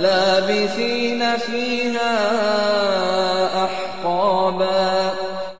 لابثين فيها أحقابا